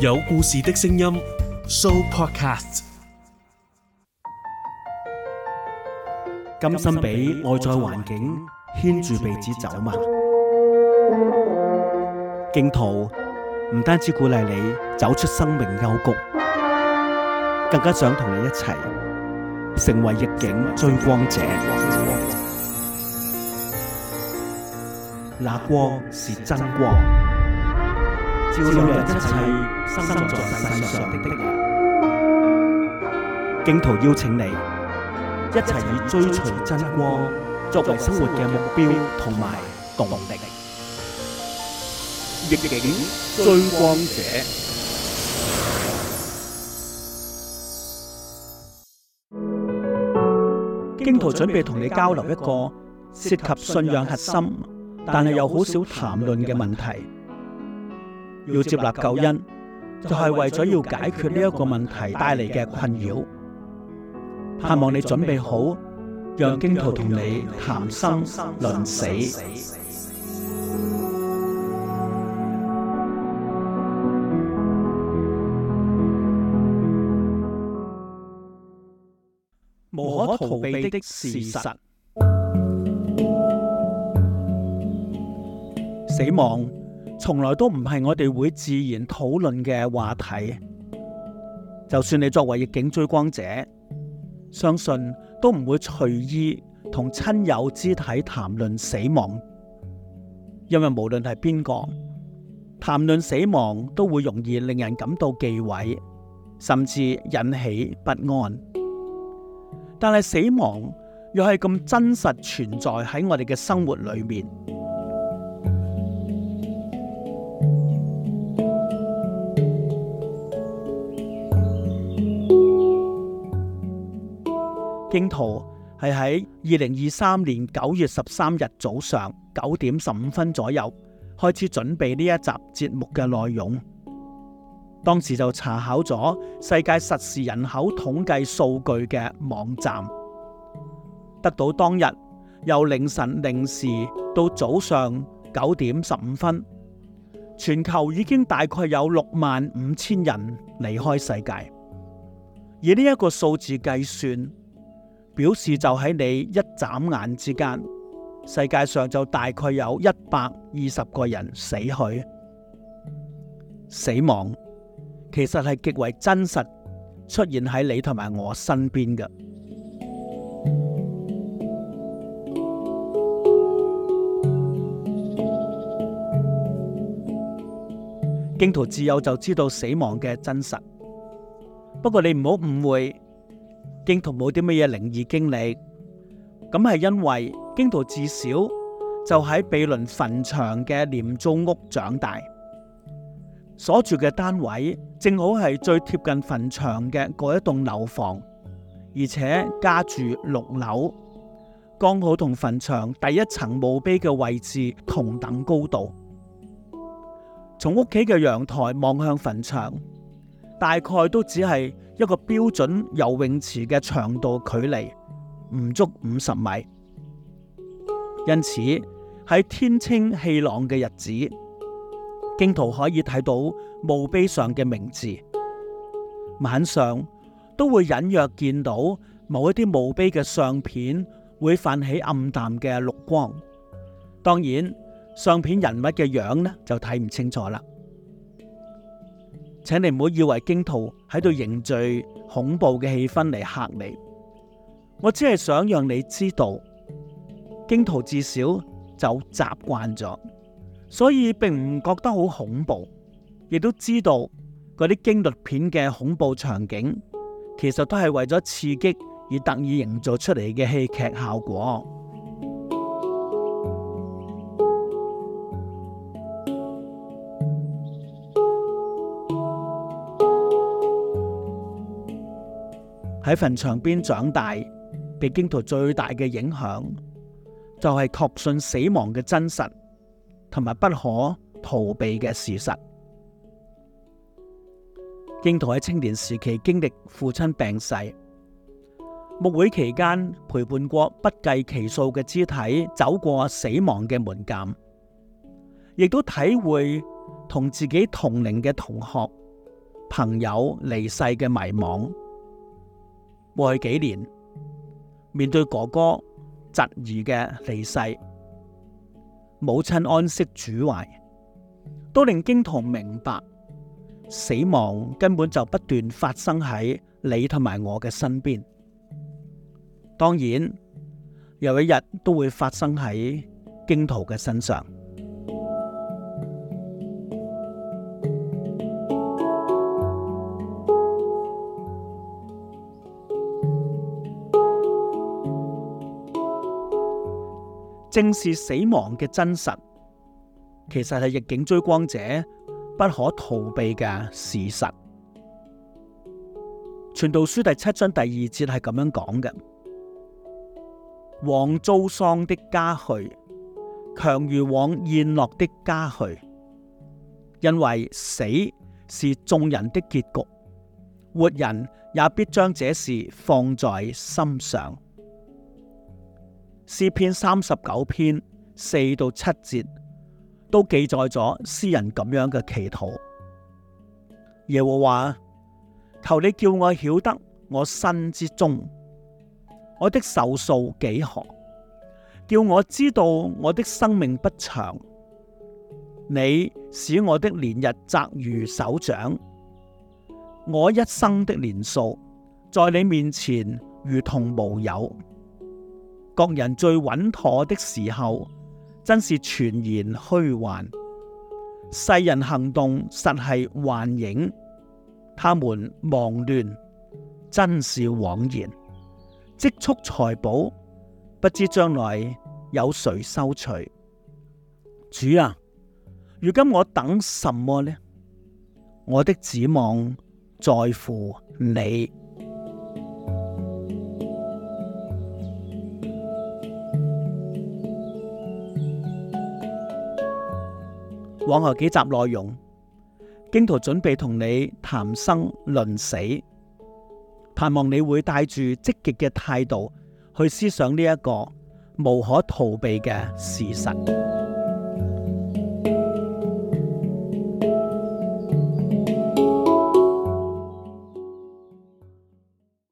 有故事的聲音，Sooo Podcast。甘心俾外在環境牽住鼻子走嘛？荊徒唔單止鼓勵你走出生命幽谷，更加想同你一齊成為逆境追光者。那光是真光。照亮一切生在世上的的人，荊徒邀請你一齊以追隨真光作為生活嘅目標同埋動力，逆境追光者。荊徒準備同你交流一個涉及信仰核心，但係又好少談論嘅問題。要接納救恩，就係為咗要解決呢一個問題帶嚟嘅困擾。盼望你準備好，讓荊徒同你談生論死，無可逃避的事實，死亡。從來都唔係我哋會自然討論嘅話題。就算你作為逆境追光者，相信都唔會隨意同親友之體談論死亡，因為無論係邊個，談論死亡都會容易令人感到忌諱，甚至引起不安。但係死亡又係咁真實存在喺我哋嘅生活裏面。荊徒係喺二零二三年九月十三日早上九點十五分左右開始準備呢一集節目嘅內容。當時就查考咗世界實時人口統計數據嘅網站，得到當日由凌晨零時到早上九點十五分，全球已經大概有六萬五千人離開世界。以呢一個數字計算。表示就喺你一眨眼之間，世界上就大概有一百二十個人死去。死亡其實係極為真實，出現喺你同埋我身邊嘅。荊徒 自幼就知道死亡嘅真實。不過你唔好誤會。荊徒冇啲乜嘢靈異經歷，咁係因為荊徒自小就喺毗鄰墳場嘅廉租屋長大，所住嘅單位正好係最貼近墳場嘅嗰一棟樓房，而且家住六樓，剛好同墳場第一層墓碑嘅位置同等高度，從屋企嘅陽台望向墳場，大概都只係，一個標準游泳池嘅長度距離唔足五十米，因此喺天清氣朗嘅日子，鏡頭可以睇到墓碑上嘅名字。晚上都會隱約見到某一啲墓碑嘅相片會泛起暗淡嘅綠光，當然相片人物嘅樣呢就睇唔清楚啦。請你唔好以為荊徒喺度凝聚恐怖嘅氣氛嚟吓你，我只係想讓你知道荊徒至少就習慣咗，所以並唔覺得好恐怖，亦都知道嗰啲驚慄片嘅恐怖場景其實都係為咗刺激而特意營造出嚟嘅戲劇效果。喺墳場邊長大，被荊徒最大嘅影響，就係、是、確信死亡嘅真實同埋不可逃避嘅事實。荊徒喺青年時期經歷父親病逝，牧會期間陪伴過不計其數嘅肢體走過死亡嘅門檻，亦都體會同自己同齡嘅同學朋友離世嘅迷惘。過去幾年，面對哥哥侄兒嘅離世，母親安息主懷，都令荊徒明白死亡根本就不斷發生喺你同埋我嘅身邊。當然，有一日都會發生喺荊徒嘅身上。正視死亡嘅真實，其實係逆境追光者不可逃避嘅事實。傳道書第七章第二節係咁樣講嘅：往遭喪的家去，強如往宴樂的家去，因為死是眾人的結局，活人也必將這事放在心上。詩篇三十九篇四到七節都記載咗詩人咁樣嘅祈禱。耶和華，求你叫我曉得我身之中，我的壽數幾何？叫我知道我的生命不長。你使我的年日窄如手掌，我一生的年數在你面前如同無有。各人最穩妥的時候，真是全然虛幻；世人行動實係幻影，他們忙亂，真是枉然。積蓄財寶，不知將來有誰收取。主啊，如今我等什麼呢？我的指望在乎你。往後幾集內容，荊徒準備同你談生論死，盼望你會帶住積極嘅態度去思想呢一個無可逃避嘅事實。